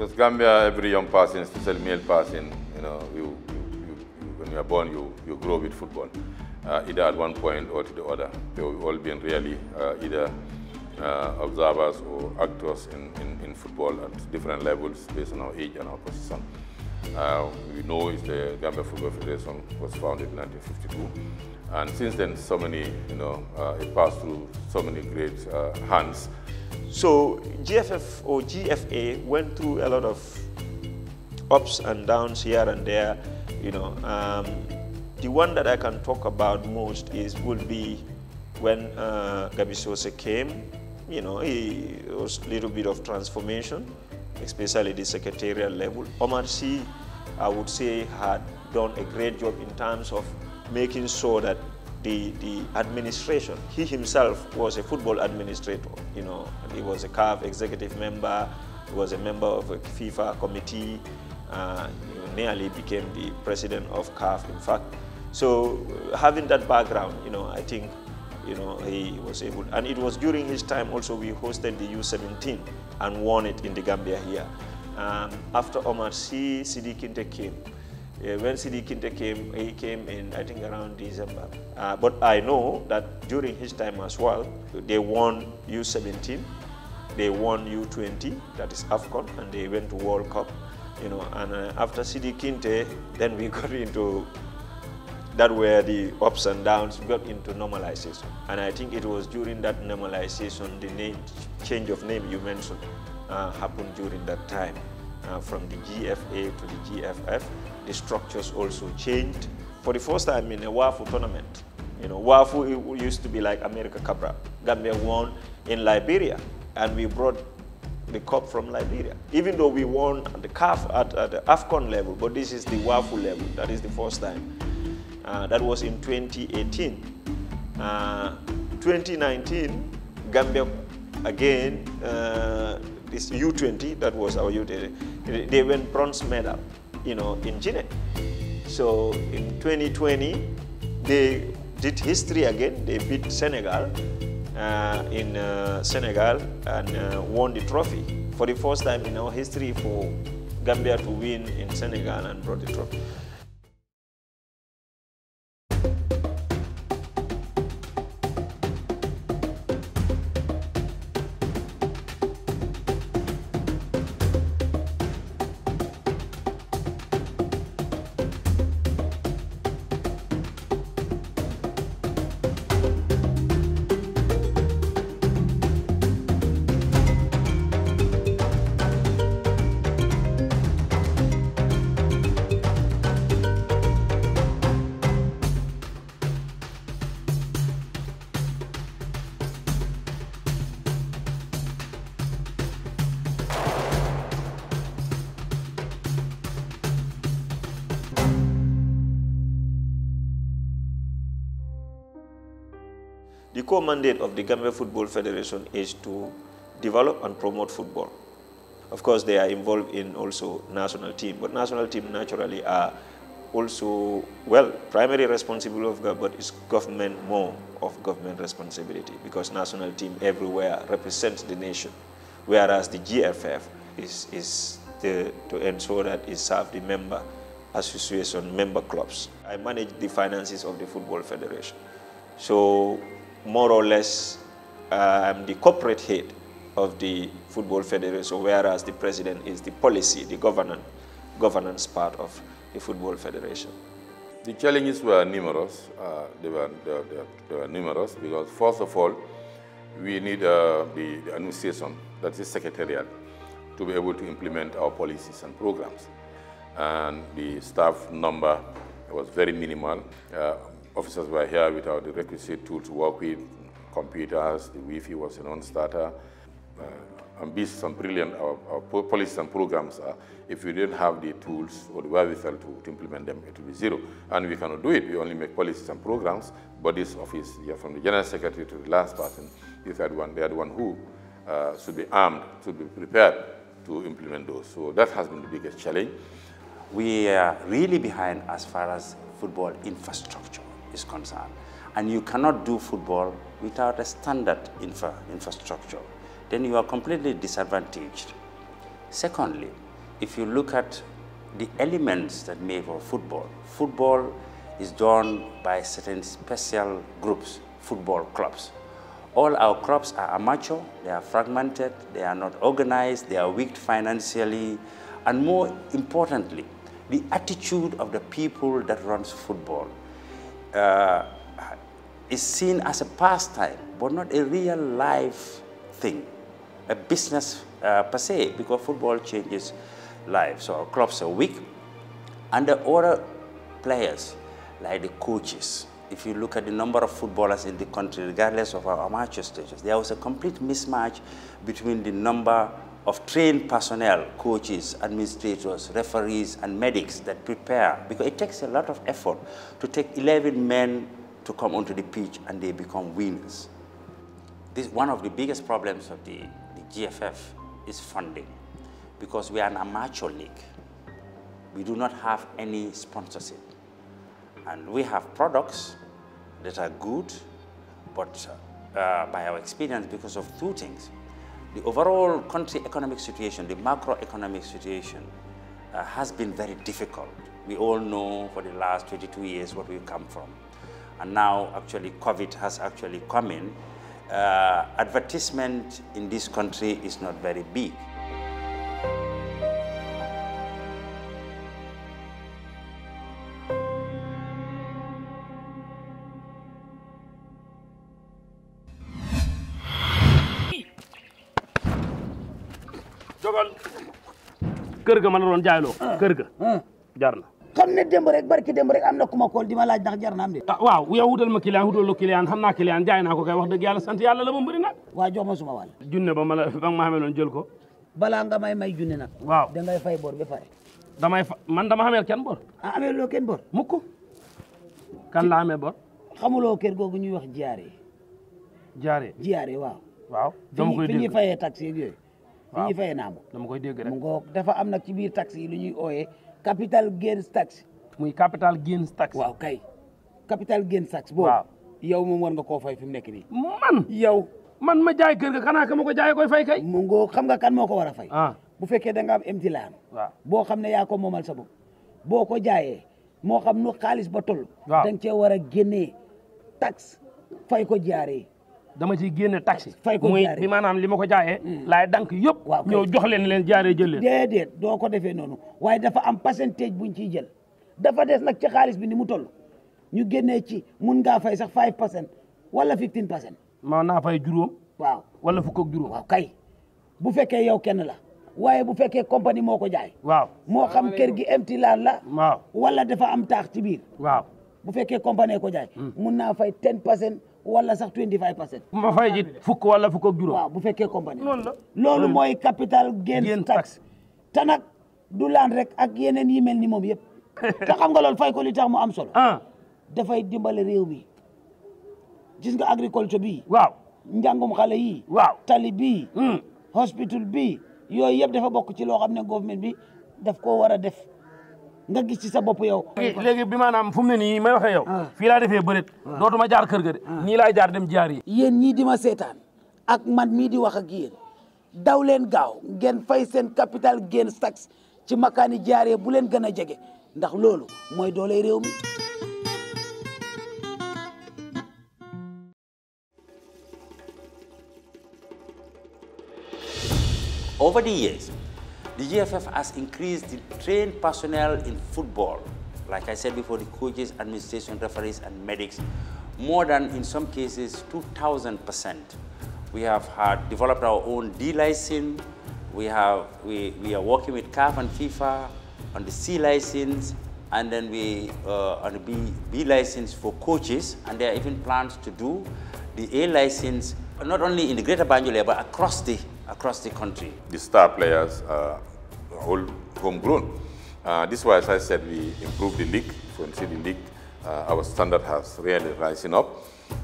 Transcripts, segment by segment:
Because Gambia, every young person, especially male person, you know, you, you, you, when you are born, you, you grow with football, uh, either at one point or to the other. They have all been really uh, either uh, observers or actors in, in, in, football at different levels based on our age and our position. Uh, we know it's the Gambia Football Federation was founded in 1952. And since then, so many, you know, uh, it passed through so many great uh, hands. So GFF or GFA went through a lot of ups and downs here and there, you know. Um, the one that I can talk about most is would be when uh, Gabisose came, you know, he was a little bit of transformation, especially the secretarial level. Omar C, I would say, had done a great job in terms of making sure that the, the administration, he himself was a football administrator, you know, he was a CAF executive member, he was a member of a FIFA committee, uh, nearly became the president of CAF, in fact. So uh, having that background, you know, I think, you know, he was able, and it was during his time also we hosted the U17 and won it in the Gambia here. Um, after Omar C. Sidi Kinte came, when Sidi Kinte came, he came in, I think, around December. Uh, but I know that during his time as well, they won U17, they won U20, that is AFCON, and they went to World Cup. You know, and uh, after Sidi Kinte, then we got into that where the ups and downs got into normalization. And I think it was during that normalization, the name, change of name you mentioned uh, happened during that time uh, from the GFA to the GFF. The structures also changed. For the first time in a WAFU tournament, you know, WAFU used to be like America Cabra, Gambia won in Liberia, and we brought the cup from Liberia. Even though we won the CAF at, at the AFCON level, but this is the WAFU level. That is the first time. Uh, that was in 2018. Uh, 2019, Gambia again uh, this U20, that was our U20, they went bronze medal, you know, in Chile. So in 2020, they did history again. They beat Senegal uh, in uh, Senegal and uh, won the trophy for the first time in our history for Gambia to win in Senegal and brought the trophy. core mandate of the Gambia Football Federation is to develop and promote football. Of course, they are involved in also national team, but national team naturally are also, well, primary responsibility of government, but it's government more of government responsibility because national team everywhere represents the nation, whereas the GFF is, is the, to ensure that it serves the member association member clubs. I manage the finances of the Football Federation. So more or less I'm um, the corporate head of the Football Federation, whereas the president is the policy, the governance, governance part of the Football Federation. The challenges were numerous. Uh, they, were, they, were, they, were, numerous because, first of all, we need uh, the, the, administration, that is secretariat, to be able to implement our policies and programs. And the staff number was very minimal. Uh, officers were here without the requisite tools to work with, computers, the Wi-Fi was a non-starter. Uh, and some brilliant, our, our policies and programs are, if we didn't have the tools or the wherewithal to, to implement them, it will be zero. And we cannot do it, we only make policies and programs, but this office, yeah, from the general secretary to the last person, the third one, they are the one who uh, should be armed, should be prepared to implement those. So that has been the biggest challenge. We are really behind as far as football infrastructure is concerned. And you cannot do football without a standard infra infrastructure. Then you are completely disadvantaged. Secondly, if you look at the elements that make up football, football is done by certain special groups, football clubs. All our clubs are amateur, they are fragmented, they are not organized, they are weak financially, and more importantly, the attitude of the people that runs football uh, is seen as a pastime, but not a real life thing, a business uh, per se, because football changes lives. or our clubs are weak, and the other players, like the coaches, if you look at the number of footballers in the country, regardless of our amateur stages, there was a complete mismatch between the number of trained personnel, coaches, administrators, referees, and medics that prepare, because it takes a lot of effort to take 11 men to come onto the pitch and they become winners. This one of the biggest problems of the, the GFF is funding, because we are an amateur league. We do not have any sponsorship. And we have products that are good, but uh, by our experience, because of two things the overall country economic situation, the macroeconomic situation, uh, has been very difficult. We all know for the last 22 years what we've come from. And now actually COVID has actually come in. Uh, advertisement in this country is not very big. kër ga ma la doon jaayloo ah. kër ga ah. jar na xam ne démb rek barki démb rek am na ku ma kool di ma laaj ndax jar na am de ah, waaw yow wutal ma client wutal la client xam naa client jaay naa ko kay wax dëgg yàlla sant yàlla la ba mbëri nag waaw jox ma suma wàll junne ba ma la ba ma xamee loon jël ko balaa nga may may junne nag waaw da ngay fay bor ba pare damay fa man dama xameel kenn bor a amee loo kenn bor mukk kan la amee bor xamuloo kër googu ñuy wax jaare jaare jaare waaw waaw lii fay naa ma koy dégg rek mu ngoog dafa am nag ci biir taxe yi lu ñuy ooyee capital gains tax. muy capital gains tax. waaw kay capital gains tax. bo yow moom war nga koo fay fi mu nekk nii. man yow. man ma jaay kër ga xanaa ka ma ko jaayee koy fay kay. mu ngoog xam nga kan moo ko war a fay. Ah. bu fekkee da nga am imtilaan. waaw boo xam ne yaa ko moomal sa bopp boo ko jaayee moo xam nu xaalis ba toll. waaw da nga war a génnee tax fay ko jaaree. dama ciy génne taxi. fay ko muy bi maanaam li ma ko jaaye mm. laay dank yëpp. waaw ñëw jox leen leen jaaree jël leen. déedéet doo ko defee noonu waaye dafa am pourcentage buñ ciy jël dafa des nag ci xaalis bi ni mu toll ñu génnee ci mun ngaa fay sax 5 pour cent wala 15 pour cent. ma naa fay juróom. waaw wala fukk ak juróom. waaw kay bu fekkee yow kenn la. waaye bu fekkee compagnie moo ko jaay. waaw moo xam kër gi empty land la. waaw wala dafa am taax ci biir. waaw bu fekkee compagnie ko jaay. Mm. mun naa fay 10 pour wala sax 25 pour cent. ji fukk wala fukk ak juróom. waaw bu fekkee compagnie. loolu loolu mooy capital gain tax. te nag du laan rek ak yeneen yi mel ni moom yëpp. te xam nga loolu fay ko li tax am solo. Ah. dafay dimbale réew mi gis nga agriculture bi. waaw njàngum xale yi. waaw tali bi. Hmm. hospital bi yooyu yëpp dafa bokk ci loo xam ne government bi daf koo war a def. nga gis ci sa bop yow legui bi manam fu mu may waxe yow ah. fi la defé bërit ah. dotuma jaar keur ga ah. ni lay jaar dem jaar yi yéen ñi dima ma ak man mi di wax ak yeen daw len gaaw ngeen fay sen capital gen tax ci jaar ye bu len gëna a ndax lolu moy doole réew mi Over the years, The GFF has increased the trained personnel in football, like I said before, the coaches, administration, referees, and medics, more than in some cases 2,000%. We have had developed our own D-license. We, have, we, we are working with CAF and FIFA on the C license, and then we uh, on the B, B license for coaches, and there are even plans to do the A license not only in the Greater Banjul area but across the across the country. The star players are all homegrown. Uh, this was, as I said, we improved the league. If you can see the league, uh, our standard has really rising up.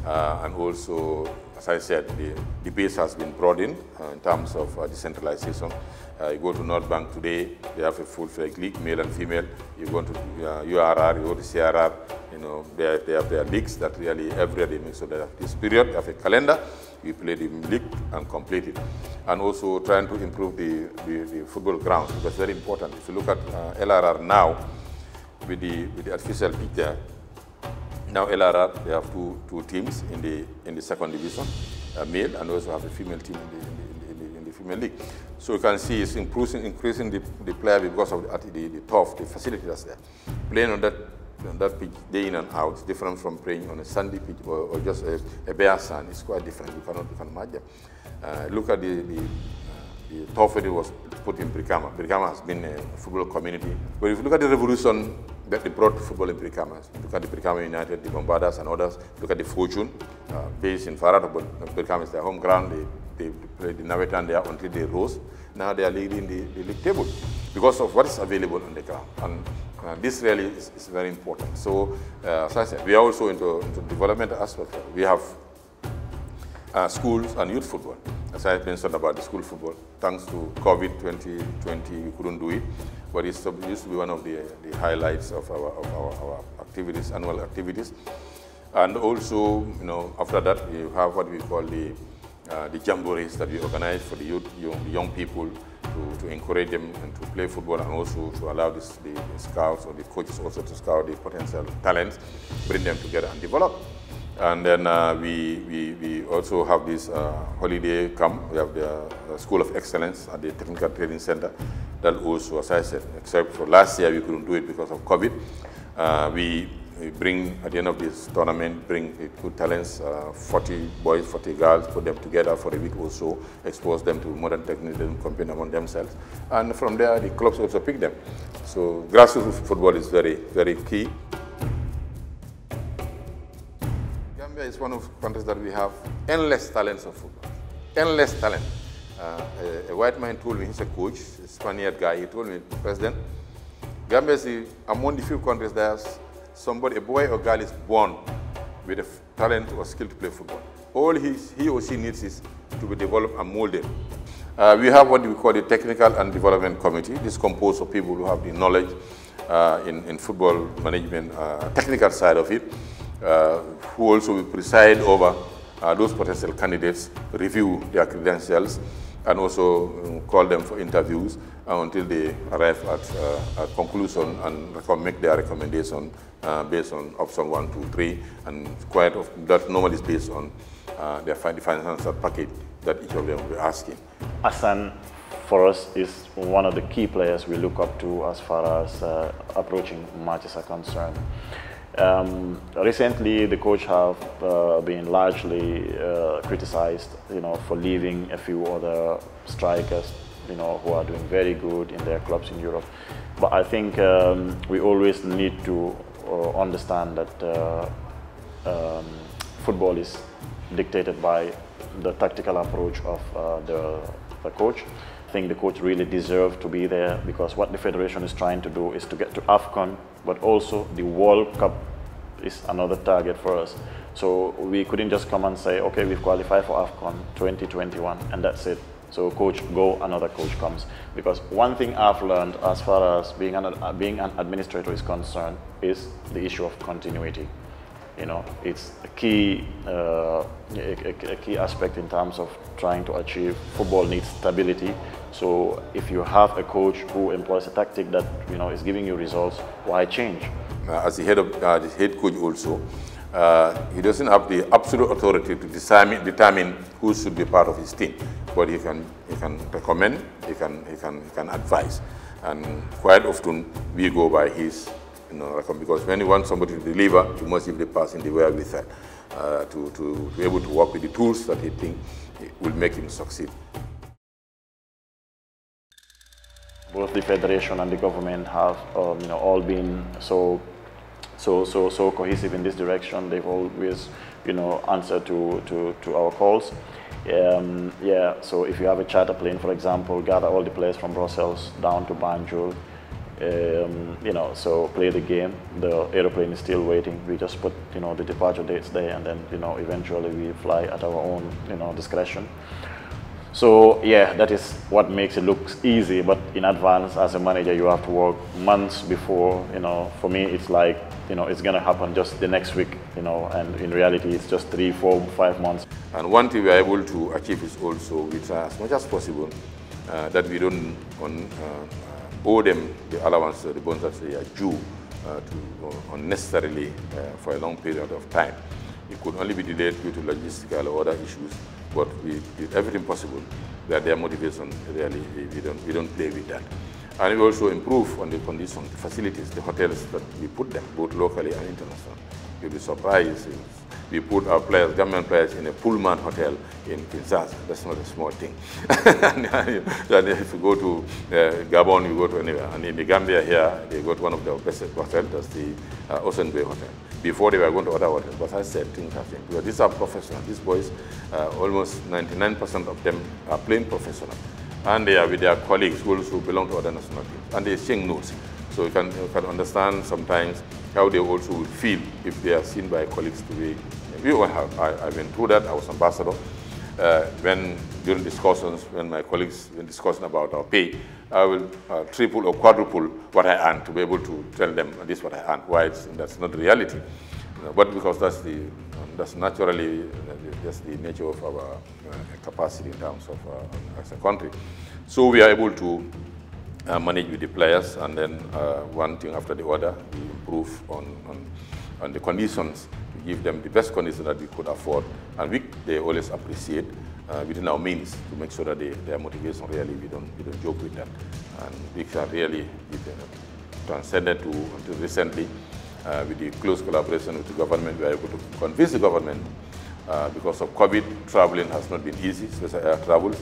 Uh, and also, as I said, the, the base has been broadened uh, in terms of uh, decentralization. Uh, you go to North Bank today, they have a full-fledged league, male and female. You go to URR, you go to CRR, you know, they, they have their leagues that really every day make sure so they have this period, they have a calendar. We play the league and complete it. And also trying to improve the, the, the football grounds because it's very important. If you look at uh, LRR now, with the, with the artificial pitch there, now LRR, they have two, two teams in the, in the second division, a male and also have a female team in the, in the, in the, in the female league. So you can see it's increasing, increasing the, the player because of the, the, the turf, the facility that's there. Playing on that on that pitch day in and out, different from playing on a sandy pitch or, or just a, a, bare sand. It's quite different. You cannot, even imagine. Uh, look at the, the, uh, the was put in Brikama. Brikama has been a football community. But if you look at the revolution that they brought football in Brikama, look at the Brikama United, the Bombardas and others, look at the Fortune uh, based in Farad, but Brikama is their home ground. They, they played the Navetan there until they rose. Now they are leading the, the league table because of what is available on the ground. And uh, this really is, is, very important. So, uh, as I said, we are also into, into development aspect. We have uh, schools and youth football. As I mentioned about the school football, thanks to COVID 2020, we couldn't do it, but it used to be one of the, the highlights of our, of our, our activities, annual activities. And also, you know, after that, we have what we call the uh, the jamborees that we organize for the youth, young, young people to, to encourage them and to play football and also to allow this, the, the, scouts or the coaches also to scout the potential talents, bring them together and develop. And then uh, we, we, we also have this uh, holiday camp. We have the uh, School of Excellence at the Technical Training Center that also, as I said, except for last year we couldn't do it because of COVID. Uh, we we bring, at the end of this tournament, bring good talents, uh, 40 boys, 40 girls, put them together for a week or so, expose them to modern techniques, them compete among themselves. And from there, the clubs also pick them. So grassroots football is very, very key. Gambia is one of countries that we have endless talents of football, endless talent. Uh, a, a, white man told me, he's a coach, a Spaniard guy, he told me, President, Gambia is among the few countries that has somebody, a boy or girl is born with a talent or skill to play football. All he, he or she needs is to be developed and molded. Uh, we have what we call the Technical and Development Committee. This is composed of people who have the knowledge uh, in, in football management, uh, technical side of it, uh, who also will preside over uh, those potential candidates, review their credentials, and also um, call them for interviews uh, until they arrive at uh, a conclusion and make their recommendation uh, based on option one, two, three, and quite of, that normally is based on uh, their financial package that each of them will be asking. Asan, for us, is one of the key players we look up to as far as uh, approaching matches are concerned. Um, recently, the coach have uh, been largely uh, criticized, you know, for leaving a few other strikers, you know, who are doing very good in their clubs in Europe. But I think um, we always need to uh, understand that uh, um, football is dictated by the tactical approach of uh, the, the coach think the coach really deserved to be there because what the federation is trying to do is to get to AFCON, but also the World Cup is another target for us. So we couldn't just come and say, okay, we've qualified for AFCON 2021 and that's it. So coach go, another coach comes. Because one thing I've learned as far as being an, being an administrator is concerned is the issue of continuity you know, it's a key, uh, a, a, key aspect in terms of trying to achieve football needs stability. So if you have a coach who employs a tactic that you know is giving you results, why change? Uh, as the head of uh, the head coach also, uh, he doesn't have the absolute authority to determine, determine who should be part of his team, but he can he can recommend, he can he can he can advise, and quite often we go by his because when you want somebody to deliver, you must give the person the wherewithal uh, to, to be able to work with the tools that he think will make him succeed. Both the federation and the government have, um, you know, all been so, so, so, so cohesive in this direction. They've always, you know, answered to, to, to our calls. Um, yeah, so if you have a charter plane, for example, gather all the players from Brussels down to Banjul, um, you know, so play the game. The aeroplane is still waiting. We just put, you know, the departure dates there, and then, you know, eventually we fly at our own, you know, discretion. So yeah, that is what makes it look easy. But in advance, as a manager, you have to work months before. You know, for me, it's like, you know, it's gonna happen just the next week. You know, and in reality, it's just three, four, five months. And one thing we are able to achieve is also we try uh, as much as possible uh, that we don't on. Uh, owe them the allowance, the bonds that they are due uh, to uh, unnecessarily uh, for a long period of time. It could only be delayed due to logistical or other issues, but we did everything possible that their motivation really, we don't, we don't play with that. And we also improve on the conditions, the facilities, the hotels that we put them, both locally and internationally. You'll be surprised. We put our players, government players, in a Pullman hotel in Kinshasa. That's not a small thing. and if you go to uh, Gabon, you go to anywhere. And in the Gambia here, they to one of the best hotels, that's the uh, Ocean Bay Hotel. Before they were going to other hotels, but I said things happen. Because these are professionals. These boys, uh, almost 99% of them are playing professional. And they are with their colleagues who also belong to other national teams. And they sing notes. So you can, you can understand sometimes how they also would feel if they are seen by colleagues to be. We all have, I, I went through that, I was ambassador. Uh, when during discussions, when my colleagues were discussing about our pay, I will uh, triple or quadruple what I earn to be able to tell them this is what I earn, why that's not reality. You uh, know, but because that's the um, that's naturally just uh, the nature of our uh, capacity in terms of uh, as a country. So we are able to uh, manage with the players, and then uh, one thing after the other, we improve on, on, on the conditions to give them the best conditions that we could afford, and we, they always appreciate uh, within our means to make sure that they, their motivation really, we don't, we don't joke with that. And we can really transcend it to, until recently, uh, with the close collaboration with the government, we are able to convince the government uh, because of COVID, traveling has not been easy, especially air travels.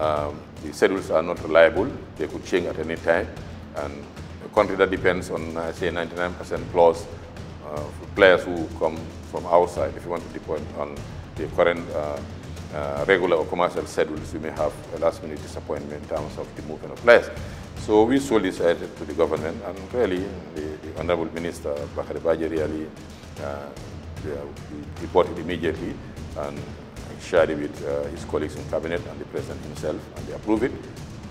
Um, the schedules are not reliable. They could change at any time. And a country that depends on, I uh, say, 99% plus uh, players who come from outside, if you want to depend on the current uh, uh, regular or commercial schedules, you may have a last-minute disappointment in terms of the movement of players. So we said to the government, and really, the, the Honorable Minister, Bakari Baji, really uh, reported immediately and shared it with uh, his colleagues in cabinet and the president himself, and they approved it,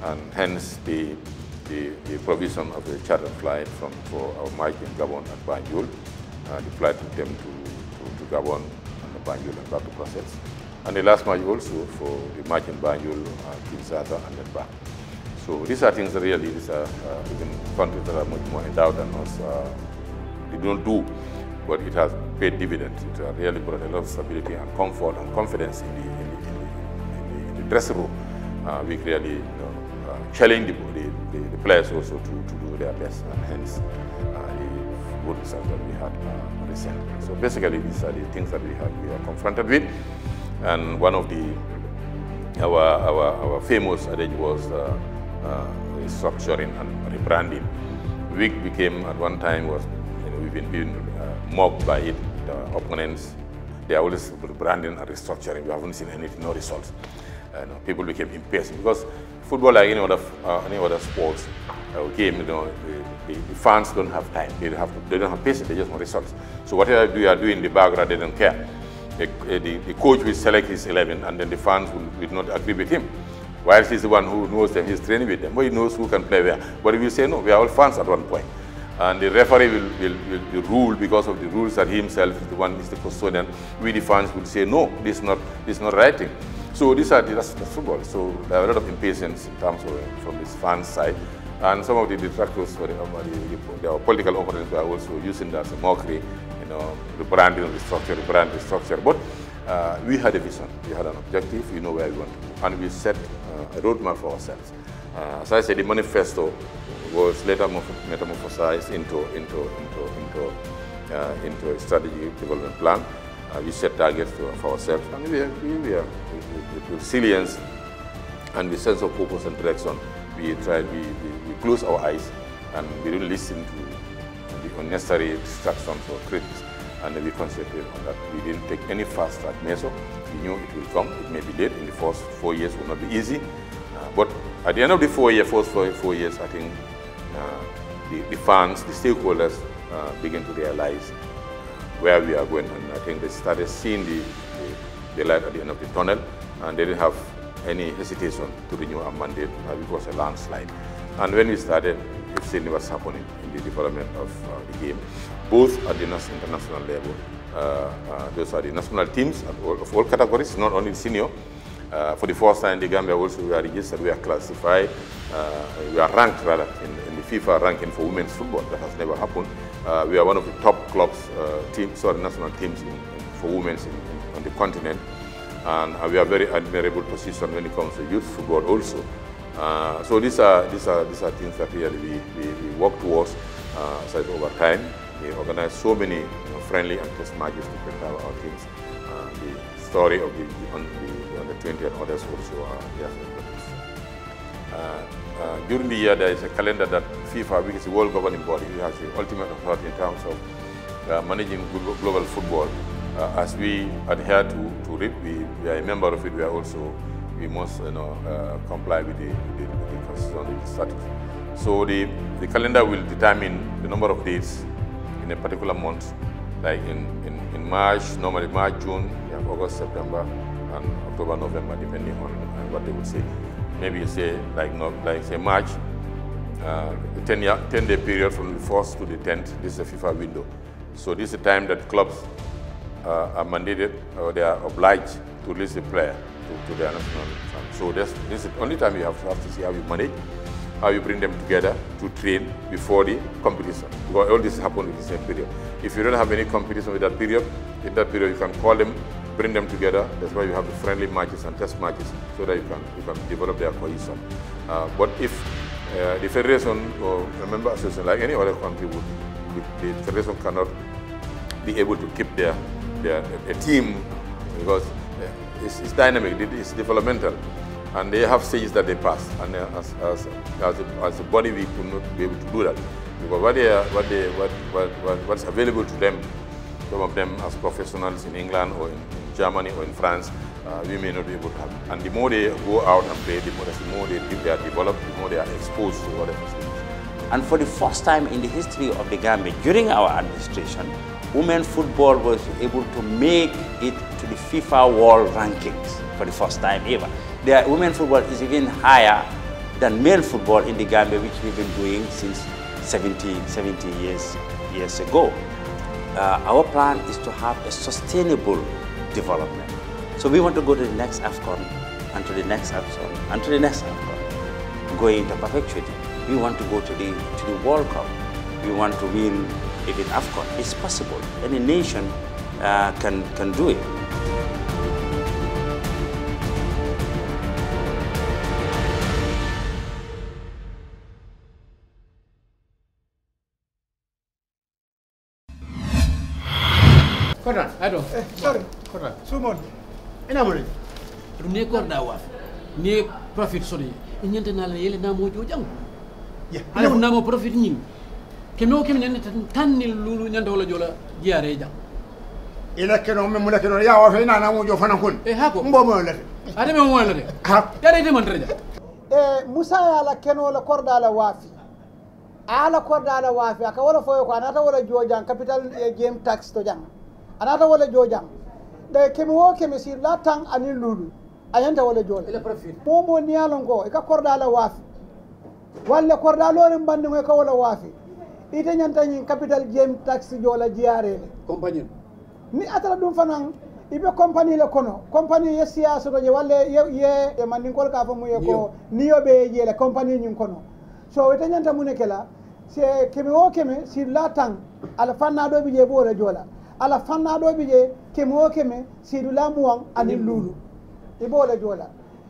and hence the, the, the provision of the charter flight from for our Mike in Gabon and Banjul, uh, the flight took them to, to, to Gabon and Banjul and back to Brussels. And the last match also for the match in Banjul, uh, Kinshasa and then back. So these are things really, these are uh, even countries that are much more endowed than us, uh, they don't do but it has paid dividends. It has really brought a lot of stability and comfort and confidence in the, in the, in the, in the dressing room. Uh, we really you know, uh, challenge the, the, players also to, to do their best and hence the uh, good results that we had uh, recently. So basically these are the things that we, have, we are confronted with and one of the our, our, our famous adage was uh, restructuring and rebranding. We became at one time was you know, we've been mobbed by it, the opponents. They are always branding and restructuring. We haven't seen anything, no results. Uh, people became impatient because football, like any other, uh, any other sports uh, game, you know, the, the, fans don't have time. They, have to, they don't have patience. They just want results. So whatever you are doing in the background, they don't care. The, uh, the, the, coach will select his 11 and then the fans will, will not agree with him. While he's the one who knows them, he's training with them, but he knows who can play where. But if you say, no, we are all fans at one point and the referee will, will, will, will rule because of the rules that himself is the one is the custodian. We the fans would say no, this is not this is not writing. So these are the, that's, that's football. So there are a lot of impatience in terms of from this fan side, and some of the detractors for the, um, the, the political opponents were also using that as a mockery, you know, rebranding, brand, the structure. But uh, we had a vision, we had an objective, we know where we want to go, and we set uh, a roadmap for ourselves. Uh, as I said, the manifesto was later metamorphosized into, into, into, into, uh, into a strategy development plan. Uh, we set targets to, for ourselves and we have, we have with, resilience and the sense of purpose and direction. We try, we, we, we close our eyes and we don't listen to the unnecessary distractions or critics and we concentrate on that. We didn't take any fast track measure. We knew it will come. It may be late in the first four years will not be easy. Uh, but at the end of the four year, first four, four years, I think uh, the, the fans, the stakeholders uh, begin to realize uh, where we are going. And I think they started seeing the, the, the, light at the end of the tunnel and they didn't have any hesitation to renew our mandate. it was a landslide. And when we started, we've seen what's happening in the development of uh, the game, both at the international level. Uh, uh, those are the national teams all, of all categories, not only senior. for the first time, the Gambia also we are registered, we are classified, we are ranked rather in, FIFA ranking for women's football. That has never happened. Uh, we are one of the top clubs, uh, teams, sorry, national teams in, for women on the continent. And uh, we are very admirable position when it comes to youth football also. Uh, so these are, these, are, these are things that really we, we, we work towards uh, so over time. We organize so many friendly and test matches to prepare our teams. Uh, the story of the, the, on, the, on the 20 and others also are there. Uh, uh, during the year, there is a calendar that FIFA, which is the world governing body, has the ultimate authority in terms of uh, managing global football. Uh, as we adhere to, to it, we, we, are a member of it, we are also, we must you know, uh, comply with the, with the, the constitutional So the, the calendar will determine the number of days in a particular month, like in, in, in March, normally March, June, August, September, and October, November, depending on uh, what they would say maybe say like like say March, uh, 10 year 10 day period from the first to the 10th. This is a FIFA window, so this is the time that clubs uh, are mandated or they are obliged to list a player to, to their national team. So this, this is the only time you have, have to see how you manage, how you bring them together to train before the competition. Because all this happens in the same period. If you don't have any competition with that period, in that period you can call them bring them together. That's why you have the friendly matches and test matches so that you can, you can develop their cohesion. Uh, but if uh, the federation or a member association, like any other country, would, the, the federation cannot be able to keep their, their, their team because uh, it's, it's dynamic, it's developmental and they have stages that they pass. And uh, as, as, as, a, as a body, we could not be able to do that because what they are, what they, what, what, what's available to them, some of them as professionals in England or in Germany or in France, uh, we may not be able to have And the more they go out and play, the more, the more they, they are developed, the more they are exposed to other facilities. And for the first time in the history of the Gambia, during our administration, women football was able to make it to the FIFA World Rankings for the first time ever. Their women football is even higher than male football in the Gambia, which we've been doing since 70, 70 years, years ago. Uh, our plan is to have a sustainable development. So we want to go to the next AFCON and to the next AFCON and to the next AFCON, going into perpetuity. We want to go to the, to the World Cup. We want to win even AFCON. It's possible. Any nation uh, can, can do it. Hold on, I don't. Uh, sorry. kota sumon ina mo ɗum ne korɗa waaf ne profit sodoye e ñantanala yele namo jo jang alaw namo profit ñing keme o keme nene tanni lulu ñanta wala jola jiyare jang ila keno me mu keno ya wafe ina namo jo fana kon e eh, hako mbo mo lete adame mo lete ha yare de man treja e eh, musa ala keno la korɗa la waafi ala korda ala waafi aka wala foyo ko anata wala jojang capital eh, game tax to jang anata wala jojang da kemi wo kemi si la tan anin lulu ayanta wala jole ile profil momo niyalo ngo e ka korda la wafi walla korda lorin bandin e ka wala wafi ite nyanta nyin capital game tax jola jiare compagnie ni atala dum fanan ibe compagnie le kono compagnie ye siyasa to je walle ye ye e mandin kol ka famu ye ko niyo be je le compagnie nyin kono so ite nyanta munekela se kemi wo kemi si la tan ala fanna do bi je bo wala jola ala fannaɗo ɓe keme kemo keme seydu laamu wan anin luulu iɓoola joola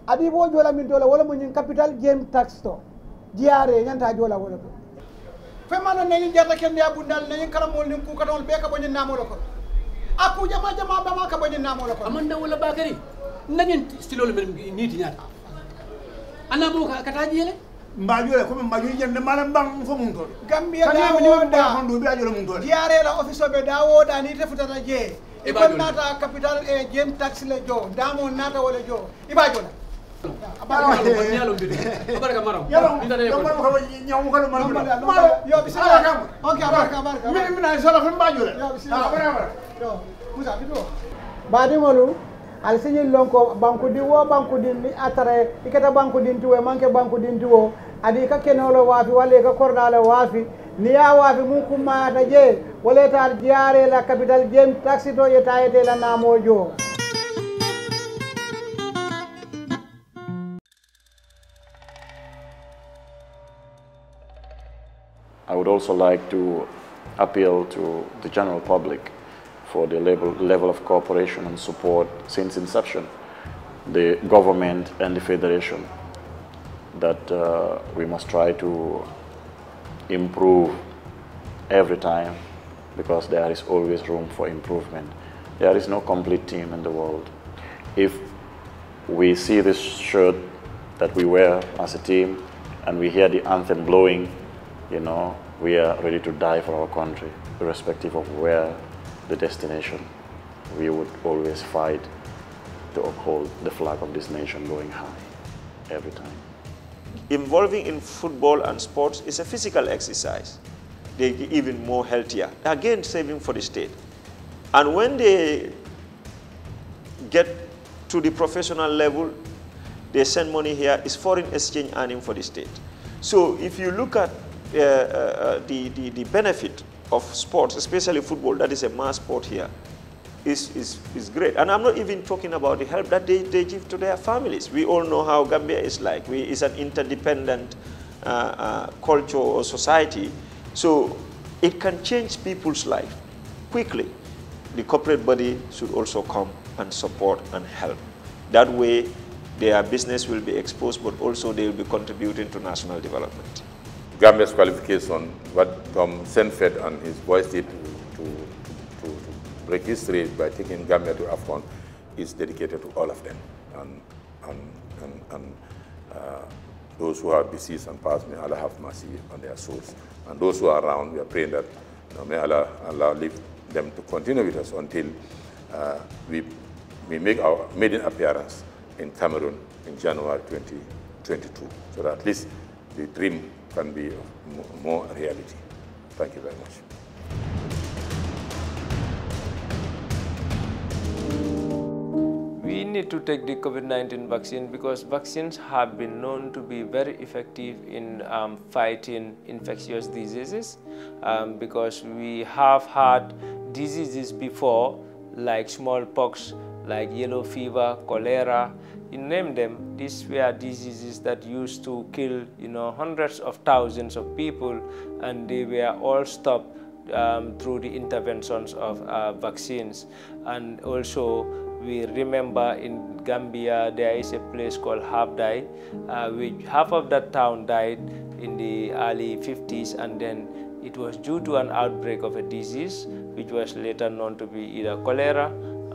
aɗa iɓo joola min doola wala moñin capital game tax to jiyare ñanta joola wala to femano nañi jarta kende a bundal nañi karamol nin kukatol ɓe ka boñin namoɗo ko a kuujama jama bama ka boñin namoɗo ko amanda wala bakary nañin stylol men niiti ñaata annamo kata jeele mbaajure komi mbaajuri ñande mala mbang fo mum toon gambia dawoda on ɗuɓi ajole mum toon jiyarela office oɓe dawoda ni refutata jee ikon nata capital e eh, jem taxe le jo damo nata wala jo ibajola baɗimolu ni atare ikata manke tuwo adi ni ya je ta la capital taxi to la I would also like to appeal to the general public for the level, level of cooperation and support since inception, the government and the federation, that uh, we must try to improve every time because there is always room for improvement. There is no complete team in the world. If we see this shirt that we wear as a team and we hear the anthem blowing, you know, we are ready to die for our country, irrespective of where the destination. We would always fight to uphold the flag of this nation going high every time. Involving in football and sports is a physical exercise. they get even more healthier. Again, saving for the state. And when they get to the professional level, they send money here. It's foreign exchange earning for the state. So if you look at uh, uh, uh the, the, the benefit of sports, especially football, that is a mass sport here, is, is, is great. And I'm not even talking about the help that they, they give to their families. We all know how Gambia is like. We, it's an interdependent uh, uh, culture or society. So it can change people's life quickly. The corporate body should also come and support and help. That way, their business will be exposed, but also they will be contributing to national development. Gambia's qualification, what Tom Senfed and his boys did to, to, to, to break history by taking Gambia to AFCON is dedicated to all of them. And, and, and, and uh, those who have deceased and passed, may Allah have mercy on their souls. And those who are around, we are praying that you know, may Allah, Allah leave them to continue with us until uh, we, we make our maiden appearance in Cameroon in January 2022. So that at least the dream can be more reality. Thank you very much. we need to take the COVID-19 vaccine because vaccines have been known to be very effective in um, fighting infectious diseases um, because we have had diseases before like smallpox, like yellow fever, cholera, he named them. These were diseases that used to kill, you know, hundreds of thousands of people, and they were all stopped um, through the interventions of uh, vaccines. And also, we remember in Gambia there is a place called Habdai, uh, which half of that town died in the early 50s, and then it was due to an outbreak of a disease, which was later known to be either cholera,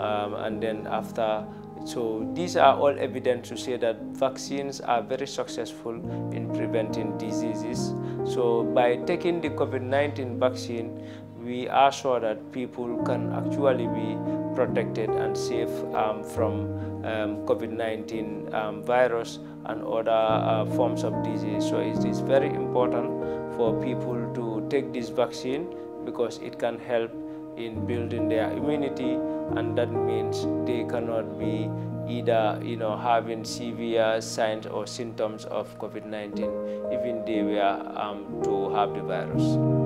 um, and then after so these are all evident to say that vaccines are very successful in preventing diseases. So by taking the COVID-19 vaccine, we are sure that people can actually be protected and safe um, from um, COVID-19 um, virus and other uh, forms of disease. So it is very important for people to take this vaccine because it can help in building their immunity and that means they cannot be either you know having severe signs or symptoms of COVID-19 even they were um, to have the virus.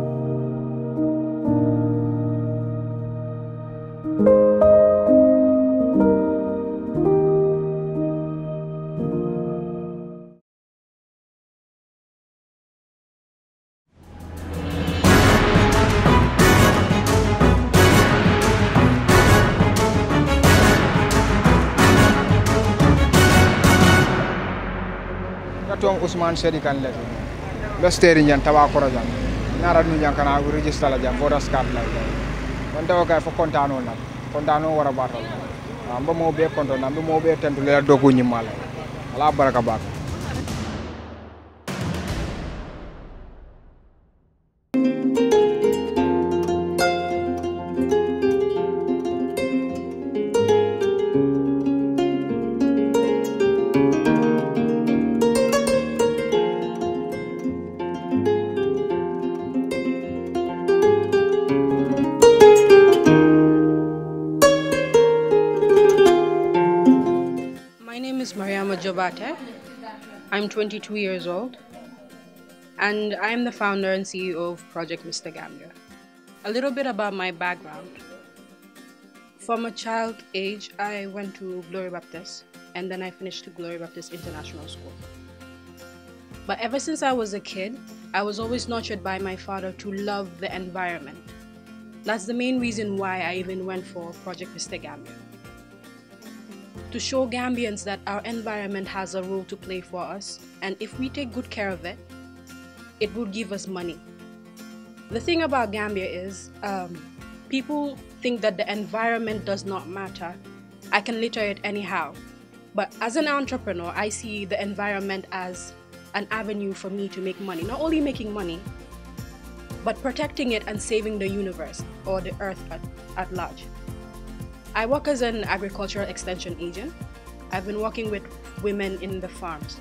man seri kan le be steri nyen tawa ko rajan nara nu nyan kana register la jam vodas card la on kan dawa kay fo kontano na kontano wara batal amba mo be konto na mo be tentu le dogu nyimal ala baraka 22 years old, and I am the founder and CEO of Project Mr. Gambia. A little bit about my background. From a child age, I went to Glory Baptist, and then I finished to Glory Baptist International School. But ever since I was a kid, I was always nurtured by my father to love the environment. That's the main reason why I even went for Project Mr. Gambia to show Gambians that our environment has a role to play for us, and if we take good care of it, it will give us money. The thing about Gambia is um, people think that the environment does not matter. I can litter it anyhow. But as an entrepreneur, I see the environment as an avenue for me to make money. Not only making money, but protecting it and saving the universe or the earth at, at large. I work as an agricultural extension agent. I've been working with women in the farms.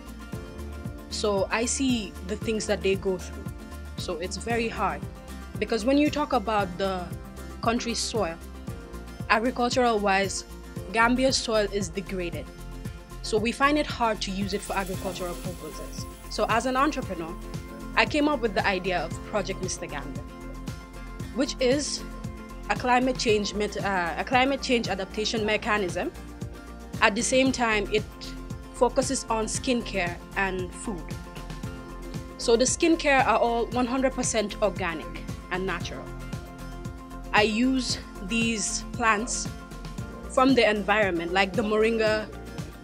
So I see the things that they go through. So it's very hard because when you talk about the country's soil, agricultural wise, Gambia's soil is degraded. So we find it hard to use it for agricultural purposes. So as an entrepreneur, I came up with the idea of Project Mr. Gambia, which is a climate change, uh, a climate change adaptation mechanism. At the same time, it focuses on skincare and food. So the skincare are all 100% organic and natural. I use these plants from the environment, like the moringa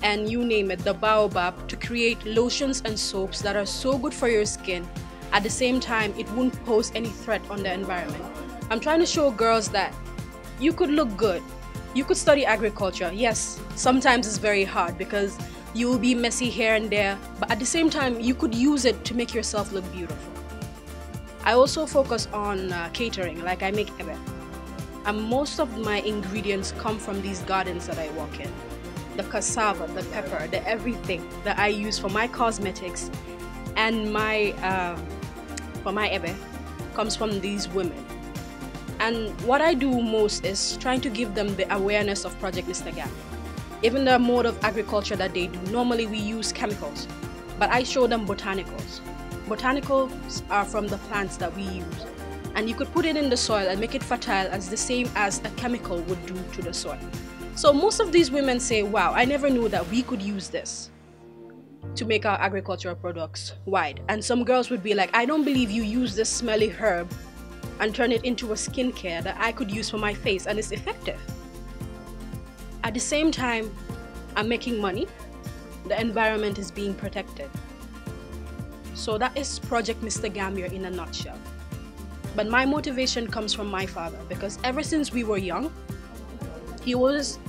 and you name it, the baobab, to create lotions and soaps that are so good for your skin. At the same time, it won't pose any threat on the environment. I'm trying to show girls that you could look good. You could study agriculture. Yes, sometimes it's very hard because you will be messy here and there, but at the same time, you could use it to make yourself look beautiful. I also focus on uh, catering, like I make ebe. And most of my ingredients come from these gardens that I walk in. The cassava, the pepper, the everything that I use for my cosmetics and my, uh, for my ebe comes from these women. And what I do most is trying to give them the awareness of Project Mr. Gap. Even the mode of agriculture that they do, normally we use chemicals, but I show them botanicals. Botanicals are from the plants that we use, and you could put it in the soil and make it fertile as the same as a chemical would do to the soil. So most of these women say, wow, I never knew that we could use this to make our agricultural products wide. And some girls would be like, I don't believe you use this smelly herb and turn it into a skincare that I could use for my face and it's effective. At the same time, I'm making money, the environment is being protected. So that is Project Mr. Gambier in a nutshell. But my motivation comes from my father because ever since we were young, he was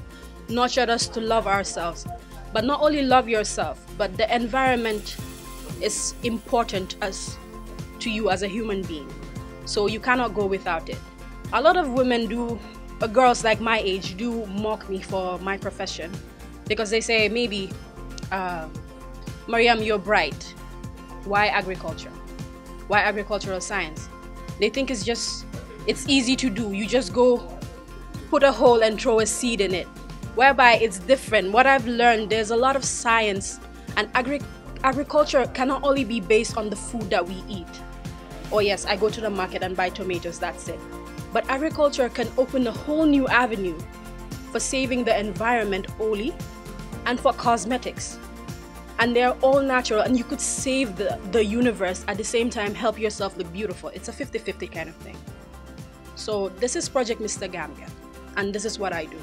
nurtured us to love ourselves. But not only love yourself, but the environment is important as to you as a human being. So you cannot go without it. A lot of women do, uh, girls like my age, do mock me for my profession because they say, maybe, uh, Mariam, you're bright. Why agriculture? Why agricultural science? They think it's just, it's easy to do. You just go put a hole and throw a seed in it. Whereby it's different. What I've learned, there's a lot of science and agriculture agriculture cannot only be based on the food that we eat oh yes, I go to the market and buy tomatoes, that's it. But agriculture can open a whole new avenue for saving the environment only and for cosmetics. And they're all natural and you could save the, the universe at the same time help yourself look beautiful. It's a 50-50 kind of thing. So this is Project Mr. Gambia and this is what I do.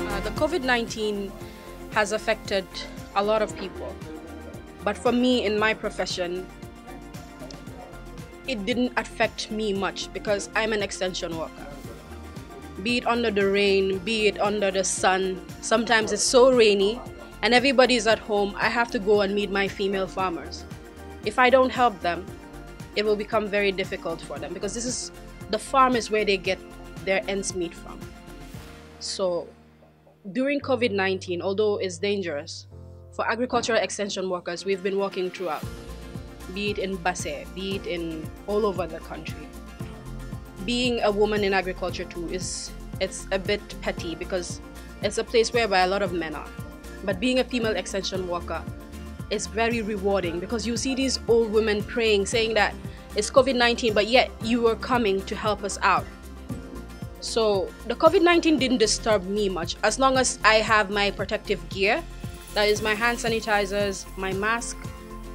Uh, the COVID-19 has affected a lot of people. But for me, in my profession, it didn't affect me much because I'm an extension worker. Be it under the rain, be it under the sun, sometimes it's so rainy and everybody's at home, I have to go and meet my female farmers. If I don't help them, it will become very difficult for them because this is the farm is where they get their ends meet from. So during COVID 19, although it's dangerous, for agricultural extension workers, we've been working throughout, be it in Basse, be it in all over the country. Being a woman in agriculture too is it's a bit petty because it's a place whereby a lot of men are. But being a female extension worker is very rewarding because you see these old women praying, saying that it's COVID 19, but yet you are coming to help us out. So the COVID 19 didn't disturb me much as long as I have my protective gear that is my hand sanitizers, my mask,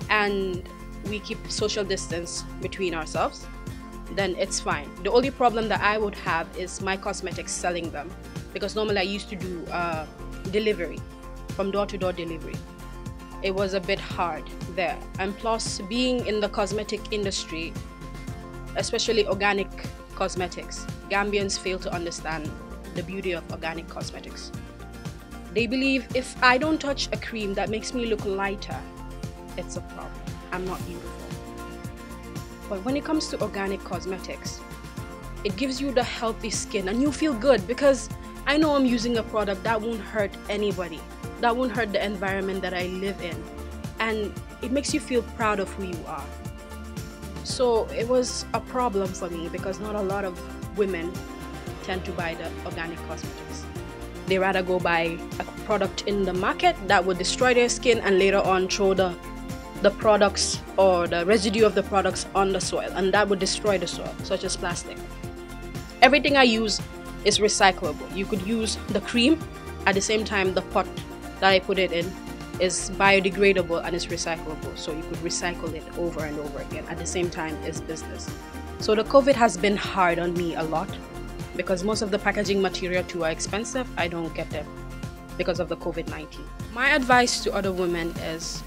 and we keep social distance between ourselves. Then it's fine. The only problem that I would have is my cosmetics selling them because normally I used to do uh, delivery, from door to door delivery. It was a bit hard there. And plus, being in the cosmetic industry, especially organic cosmetics, Gambians fail to understand the beauty of organic cosmetics. They believe if I don't touch a cream that makes me look lighter, it's a problem. I'm not beautiful. But when it comes to organic cosmetics, it gives you the healthy skin and you feel good because I know I'm using a product that won't hurt anybody, that won't hurt the environment that I live in. And it makes you feel proud of who you are. So it was a problem for me because not a lot of women tend to buy the organic cosmetics. They rather go buy a product in the market that would destroy their skin and later on throw the, the products or the residue of the products on the soil and that would destroy the soil, such as plastic. Everything I use is recyclable. You could use the cream at the same time the pot that I put it in is biodegradable and it's recyclable so you could recycle it over and over again at the same time as business so the covid has been hard on me a lot because most of the packaging material too are expensive. I don't get them because of the COVID-19. My advice to other women is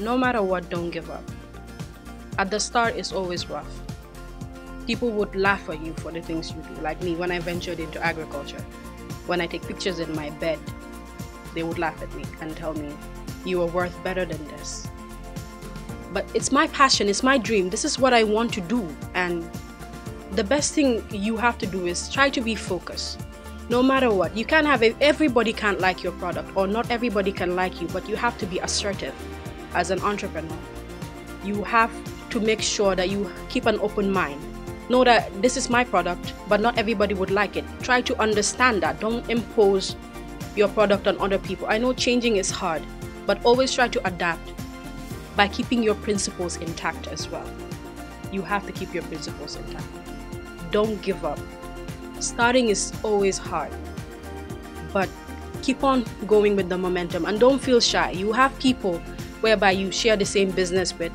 no matter what, don't give up. At the start, it's always rough. People would laugh at you for the things you do, like me when I ventured into agriculture. When I take pictures in my bed, they would laugh at me and tell me, you are worth better than this. But it's my passion, it's my dream, this is what I want to do, and the best thing you have to do is try to be focused no matter what you can't have everybody can't like your product or not everybody can like you but you have to be assertive as an entrepreneur you have to make sure that you keep an open mind know that this is my product but not everybody would like it try to understand that don't impose your product on other people i know changing is hard but always try to adapt by keeping your principles intact as well you have to keep your principles intact don't give up. Starting is always hard, but keep on going with the momentum and don't feel shy. You have people whereby you share the same business with.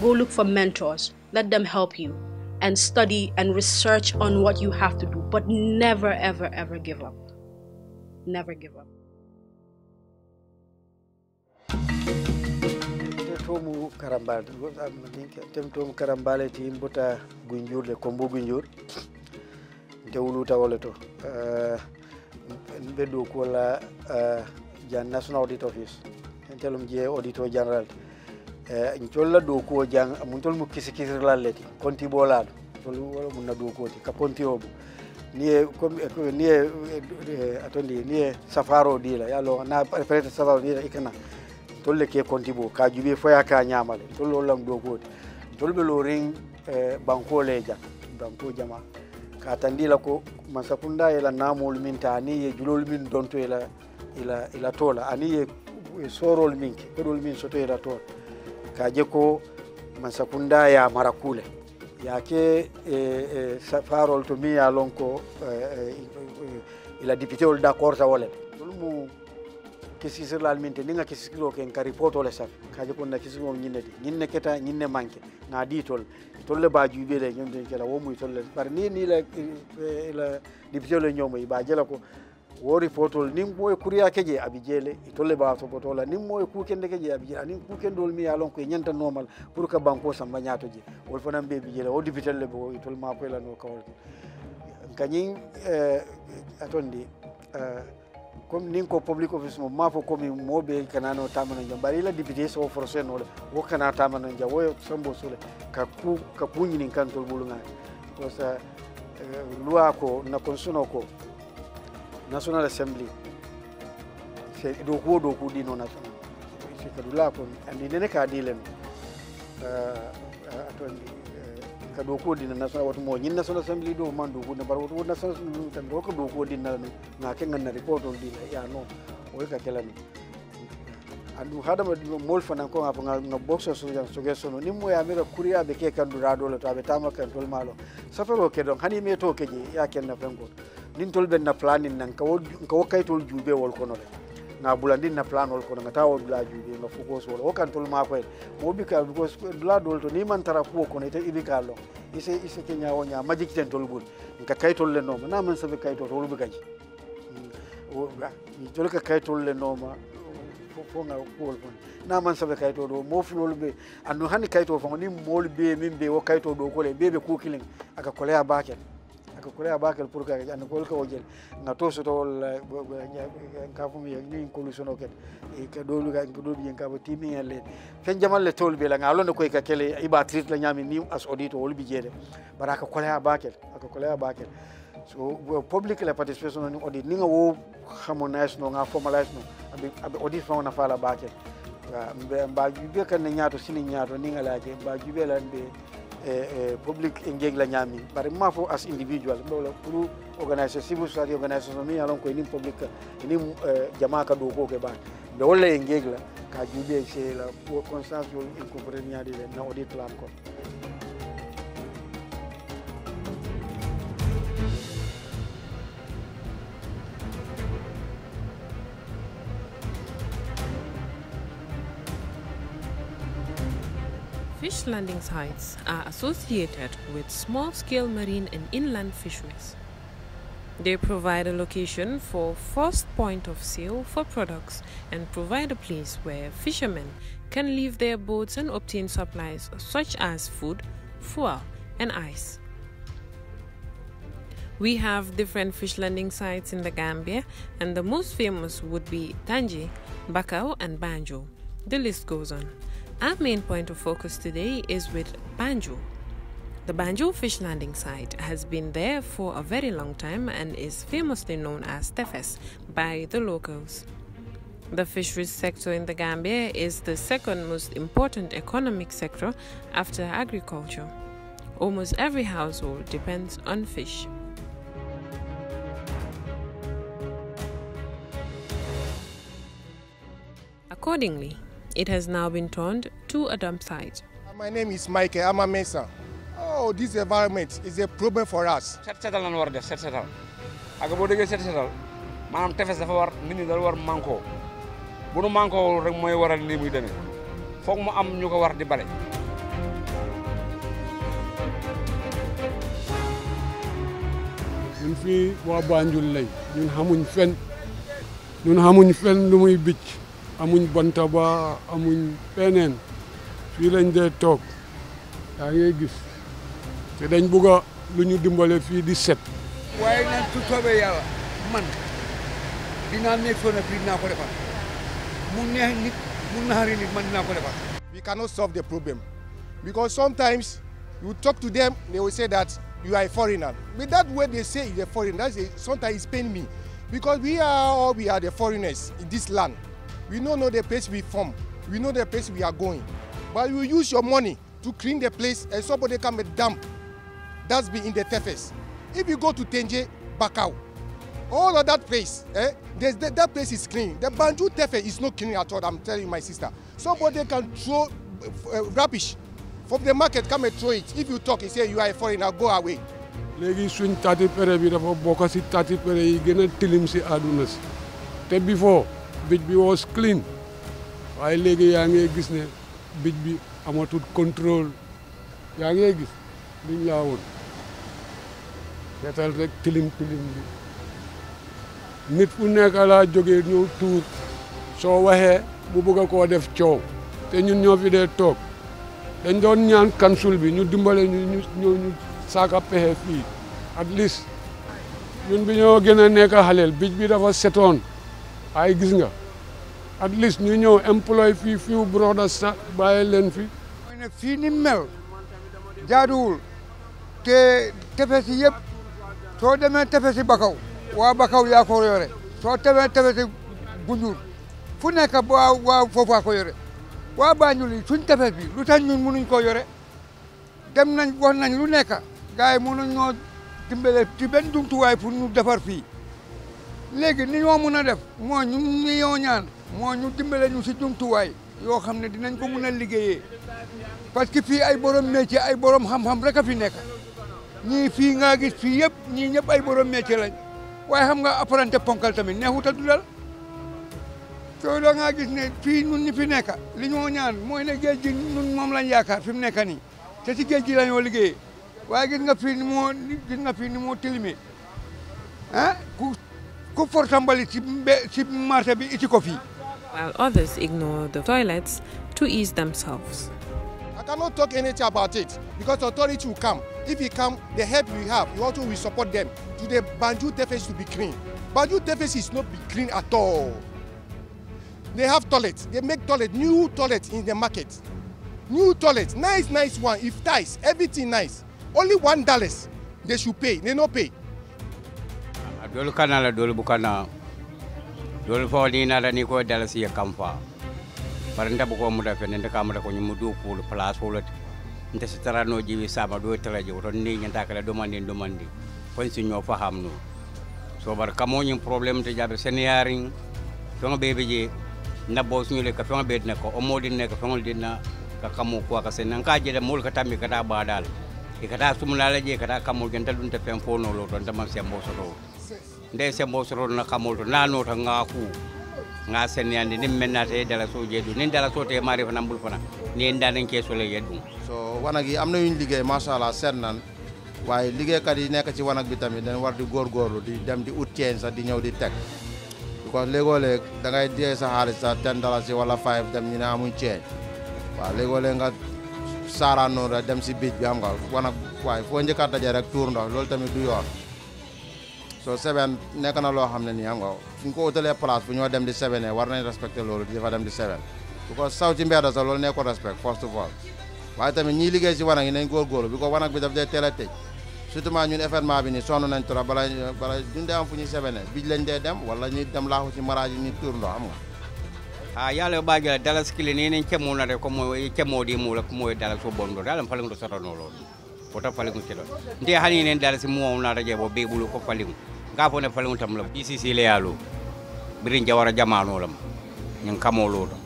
Go look for mentors, let them help you, and study and research on what you have to do, but never, ever, ever give up. Never give up. tomu karambal tem tomu karambale ti mbota gunjur le kombu gunjur nte wuluta wala to euh mbe do ko la uh, eh, national audit office telum je audito general uh, la do ko jang mun tol mu kisi kisi leti konti bolado tol wala mun na do ko ti e obu ni e eh, atondi niye safaro ya yalo na prete safaro la ikana tol le ke kontibo ka jubi fo ya ka nyamale tol lo lam do ko tol lo ring eh, banko le ja banko jama ka tandila ko masakunda ila namol min ta ye julol min donto ila ila ila tola ani ye sorol min ke kodol min soto ila tola ka je ko masakunda ya marakule yake e, eh, e, eh, safarol to mi ya lonko ila dipiteol d'accord sa wala mu kisisirlal min te ni nga kisikilo ken ka repotole saf kaje kon na kisimo ñinne de ñinne keta ñinne manke na di tol tolle ba juɓe de ñom den kela wo muy tolle par ni ni la eh, la député le ñomoy ba jela ko wo repotol nin moye kuriya keje abi jeele tolle ba sobotola nin moye kukende keje abi jeele anin kukendol mi yalon koye e ñantannomal pour que banko samba ñatoje wol fanan mbe bi jeele wo député le bo e tol ma koylano kawol kañin eh, atondi eh, comme nin ko public office mo mafo komi moɓe kanano tamana jam bari ila député so forcé nole wo kana tamana jam wo sambo sole ka ku ka kuñinin tol ɓulugaki parce que uh, eh, loi ko na constitution ko national assembly se doku wo doku ɗino national ka dula ko andi nene ka dilen uh, eh, uh, eh, atondi ka doko din na sa wata mo yin national assembly do man doko na bar wata national assembly tan do ka doko din na na ken na report on ya no o ka kelani andu hada ma mol fana ko ngap nga nga boxa so jan so geso no nimmo ya mira kuriya be ke kan dura do to abe tama kan tol malo safaro ke don hani me to ke je ya ken na fango nin tol ben na planin nan ka wo ka kay tol jube wol kono le na bulandin na plan ol kono ngata wol dula juuɗi nga fuko so o kan ma ko en mo bika because dula dol to ni man tara kuwo kono te ibi ka lo ise ise ke ñawo ña majik ten tol ka kay tol le noma na man sabe kayto to wol bi kaji tol mm. ka tol le nooma fo nga kuwol ko na man sabe kayto ɗo mo fulol ɓe andu hanni kayto fo ni mol ɓe min tol do ko le be ɓe ku kukilen aka koleya bakel ka kulaya bakel pour que an kol ka wajel na to so tol ka fum ye ni ko ket e ka ga ka bo timi fen jamal le tol be la ngalo ne koy ka kele iba treat la nyami ni as o wol bi jede bara ka kulaya bakel ka kulaya bakel so public la participation ni audit ni nga wo harmonize no nga formalize no abi abi audit fa na fala bakel mba jube kan nyaato sini nyaato ni nga mba jube Eh, eh, public engage la nyami bari ma fo as individual bola pour organiser civil society organization mi alon ko ni public ni eh, jamaa ka do ko ke ban be wala engage la ka jube se la pour constance yo incorporate nyaade na audit la ko landing sites are associated with small-scale marine and inland fisheries. They provide a location for first point of sale for products and provide a place where fishermen can leave their boats and obtain supplies such as food, fuel, and ice. We have different fish landing sites in the Gambia, and the most famous would be Tanji, Bakau, and Banjo. The list goes on. Our main point of focus today is with Banjo. The Banjo fish landing site has been there for a very long time and is famously known as Tefes by the locals. The fisheries sector in the Gambia is the second most important economic sector after agriculture. Almost every household depends on fish. Accordingly, it has now been turned to a dump site. My name is Mike Amamesa. Oh, this environment is a problem for us. ñun fii waa Banjul lañ ñun xamuñ ñun xamuñ lu muy bicc amuñ bantaba amuñ feneen fii lañ dee toog yaa ngi gis te dañ bugg a dimbale fii di set. waaye nag su soobee yàlla man dinaa nekk soo ne fii dinaa ko defar mu neex nit mu naxari nit man dinaa ko defar. we cannot solve the problem because sometimes you talk to them they will say that you are a foreigner With that way they say you are a foreigner that's a sometimes it's pain me because we are all we are the foreigners in this land. We don't know the place we from. We know the place we are going. But you use your money to clean the place and somebody come and dump. That's be in the tefes. If you go to Tenje, Bakau, all of that place, eh, the, that place is clean. The Banju Tefe is not clean at all, I'm telling you, my sister. Somebody can throw uh, rubbish from the market, come and throw it. If you talk, he say you are a foreigner, go away. léegi suñ taati pere bi dafa bokk si taati pere yi gën a tilim si àdduna si te before bij bi was clean waaye léegi yaa ngi gis ne bij bi amatul contrôle yaa ngi gis liñ laa woon seetal rek tilim tilim bi nit fu nekk laa jógee ñëw tuur soo waxee bu bëgg a koo def coow te ñun ñoo fi dee toog dañ doon ñaan kansul bi ñu dimbale ñu ñu ñu saaka pexe fii at least ñun bi ñoo gën a nekk xaleel bij bi dafa setoon ay gis nga at least ñu ñëw employé fii fiw broda sa bàyyi leen fi mooy ne fii ni mel jaaduwul te tefes yi yëpp soo demee tefes yi Bakaw waa Bakaw yaa ko yore soo demee tefes yi Gunjur fu nekk waa waa foofaa yore waa Banjul yi suñ tefes bi lu tax ñun mënuñ koo yore dem nañ wax nañ lu nekk gars mu mënuñ ñoo dimbale ci benn jumtuwaay pour ñu defar fii léegi ni ñoo a def moo ñu ñu ñaan moo ñu dimbale ñu si yoo xam ne dinañ ko mun a liggéeyee parce que fii ay borom métier ay borom xam rek a fi nekk ñii fii ngaa gis fii yëpp ñii ñëpp ay borom métier lañ waaye xam nga apprenti ponkal tamit neexut a dulal soo da ngaa gis ne fii ñun ñi fi nekk li ñoo ñaan mooy ne géej ñun moom lañ yaakaar fi mu nekk nii te si géej gi la ñoo liggéeyee gis nga fii ni moo gis nga ni moo tilimee ah for While others ignore the toilets to ease themselves. I cannot talk anything about it because authority will come. If he come, the help we have, we also will support them. the Banjul deficit to be clean. Banjul deficit is not be clean at all. They have toilets. They make toilet, new toilet in the market. New toilet, nice, nice one. If nice, everything nice. Only one dollars they should pay. They no pay. a dolu kana la dolu bukana dolu fo ni na ni ko dala si kamfa fa par nda bu ko mu da fe nda kam da ko ni mu do pool place wala nda si tara no jiwi sama do tara ji woto ni nyanta kala do mandi do mandi kon si ñoo faham no so bar kamo ni problem te jabe seniarin to nga bebe je na bo suñu le ka fa be na ko o modin ne ka fa ngol dina ka kamo ko ka sen nga je da mul ka tammi ka da i ka taa sumula la je i ka taa kamo jenta dun tɛ fɛn fo nolo to nta ma sembo soro nde mo soro na kamul to na no ta nga ku nga seniyandi ni menna te dala so je ni dala so te mari nambul fa na ni ndanen ke so le yedu so wanagi amna yuñ liggey ma sha Allah sen nan waaye kat yi nek ci wanag bi tamit dañ war di góorgóorlu di dem di out tien sa di ñew di tek ko lego le da ngay dee sa xaalis sax ten wala 5 dem ñina amuñ ceen waaw léegoo nga saaraan noonu rek dem si biij bi xam nga wan ak waaye foo njëkkaat daje rek tuur ndox loolu tamit du yoon soo seben nekk na loo xam ne nii xam nga fu ñu ko utalee place bu ñoo dem di sebenee war nañ respecté loolu di dem di seben bu ko saw ci mbedd sax loolu nekkul respect force to force waaye tamit ñiy liggéey si wanag yi nañ góorgóorlu lu ko wanag bi daf dee teel a tëj surtout ñun événement bi ni sonn nañ trop bala bala ñun dee am fu ñuy sebenee biij lañ dee dem wala ñuy dem laaxu si maraaj ñu tuur ndox xam ha ah, ya, yalla baagila dala skili ni nen cemo na re ko mo cemo di mu la ko mo dala so bondo dala fal ngi so no lol foto fal ngi celo ndi hani nen dala si mo na raje bo be bulu ko fa ngi nga fo ne fa tam la si le yalo birin jawara jamano lam nyen kamo lo do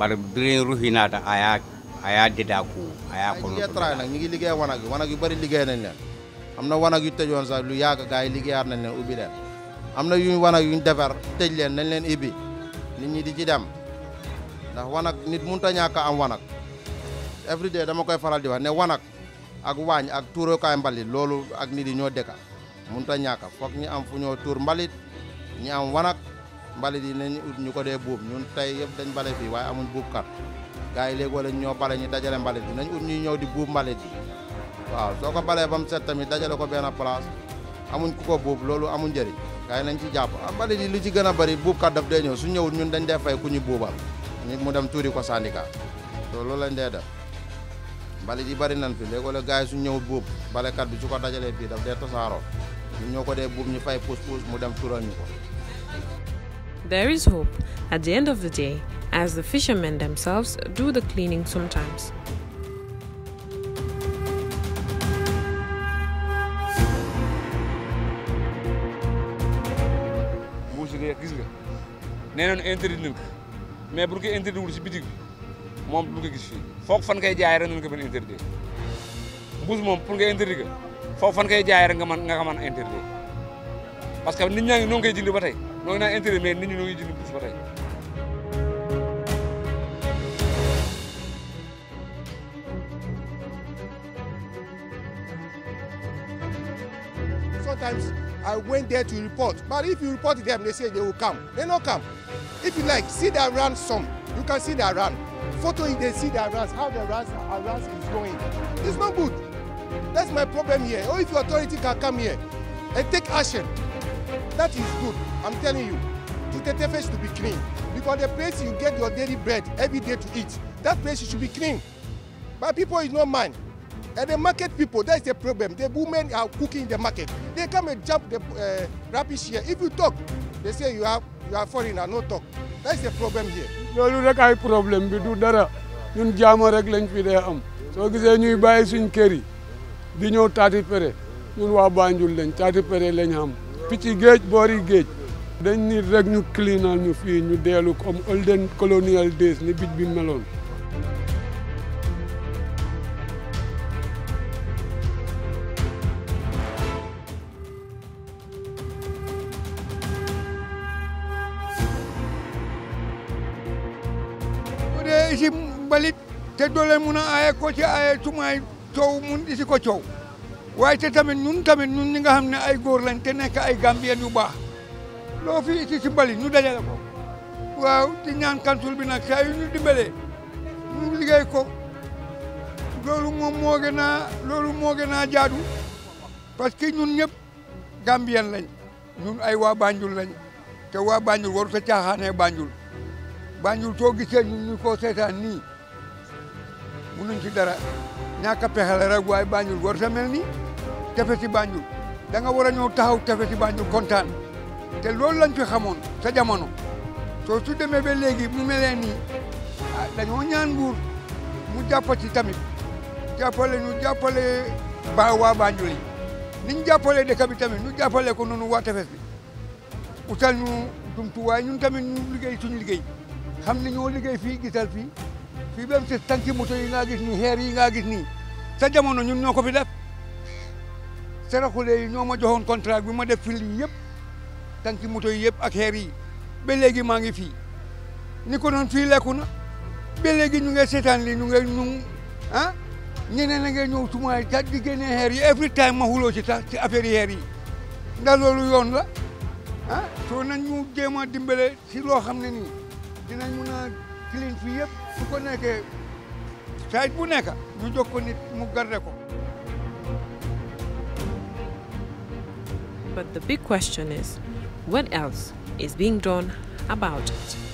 bar birin ruhinata aya aya dida ku aya ko no tra na ngi liggey wana gi wana gi bari liggey nañ len amna wana gi tejon sa lu yaaga gaay liggeyar nañ len ubi len amna yu wana yu defar tej len nañ len ibi nit ñi di ci dem ndax wanak nit munta ñaka am wanak. every day dama koy faral di wax ne wanak ak wañ ak kay mbalit lolu ak nit yi ño deka munta ñaka fokk ñi am fu ño tour mbalit ñi am wanak mbalit yi nañ ut ñuko de boom ñun tay yeb dañ balé fi waaye amuñ buubkat kat gaay léegi wala ño balé ñi dajalé mbalit bi nañ ut ñi ñëw di buub mbalit bi waaw soko balé bam set tamit dajalé ko benn place amuñ ku ko buub amuñ jëri gaay nañ ci jàpp ah, mbalit yi lu ci gëna bari kat daf ñëw su ñun dañ dé fay ku ñu buubal nit mu dem ko lañ def bari nañ fi bi ko daf ñu fay mu dem There is hope at the end of the day as the fishermen themselves do the cleaning sometimes. mais buñ ko interdit wul ci bi mom buñ ko gis fi foog fan kay jaay rek nañ ko mën interdit mbuss mom pour nga interdit ga foog fan kay jaay rek nga man nga man interdit parce que nit ñaa ngi noo jindi batay jënd na interdit mais nit ñi noo ngi jindi mbuss batay tey. sometimes I went there to report. But if you report to them, they say they will come. They no come. If you like, see the run some. You can see the run. Photo if they see the runs, how the runs, our runs is going. It's not good. That's my problem here. Or oh, if your authority can come here and take action, that is good. I'm telling you. Tutetefe to be clean. Because the place you get your daily bread every day to eat, that place should be clean. But people is not mine. And the market people, that is the problem. The women are cooking in the market. They come and jump the uh, rubbish here. If you talk, they say you are you are foreigner, no talk. That is the problem here. loolu rek ay problem. bi du dara ñun jaamo rek lañ fi dee am soo gisee ñuy bàyyi suñ kër yi di ñëw taati pere ñun waa Banjul lañ taati pere lañ xam picc géej boori géej dañ nit rek ñu cleanal ñu fii ñu deelu comme olden colonial days ni bij bi meloon balit te dole leen mun a ko ci aaye tumaay coow mun isi ko ciow way te tamen nun tamen nun ñi nga xamne ay góor lañ te nek ay gambien yu baax lo fi isi ci balit ñu dajale ko waaw ci ñaan kantul bi nak xay ñu dimbele ñu liggéey ko lolu moom mo gëna lolu mo gëna jaadu parce que ñun ñep gambien lañ ñun ay wa Banjul lañ te wa Banjul waru sa tiaxane Banjul Banjul to gisee ñu ko ni munuñ ci dara ñàkk a pexe la rek waaye Banjul war sa mel ni tefes si Banjul da nga war a ñëw taxaw tefes si Banjul kontaan te loolu lañ fi xamoon sa jamono soo su demee ba léegi mu mel nii ah dañoo ñaan nguur mu jàpp ci tamit jàppale ñu jàppale ba waa Banjul yi ni ñu jàppalee dëkk bi tamit ñu jàppale ko noonu waa tefes bi utal ñu jumtuwaay ñun tamit ñu liggéey suñu liggéey xam ni ñoo liggéey fii gisal fii fii même si tanki moto yi nga gis nii xeer yi nga gis nii sa jamono ñun ñoo ko fi def Serekunda yi ñoo ma joxoon contrat bi ma def fil yëpp tanki moto yi yëpp ak xeer yi ba léegi maa ngi fii ni ko noon fii lekku na ba léegi ñu ngi seetaan lii ñu ngi ñu ah ñeneen a ngi ñëw suma cat di génne xeer yi every time ma xuloo ci tax ci affaire yi yi ndax loolu yoon la ah soo nañ ñu jéem a dimbale si loo xam ne nii dinañ fi su ko bu nekk ñu jox ko nit mu garde ko But the big question is, what else is being done about it?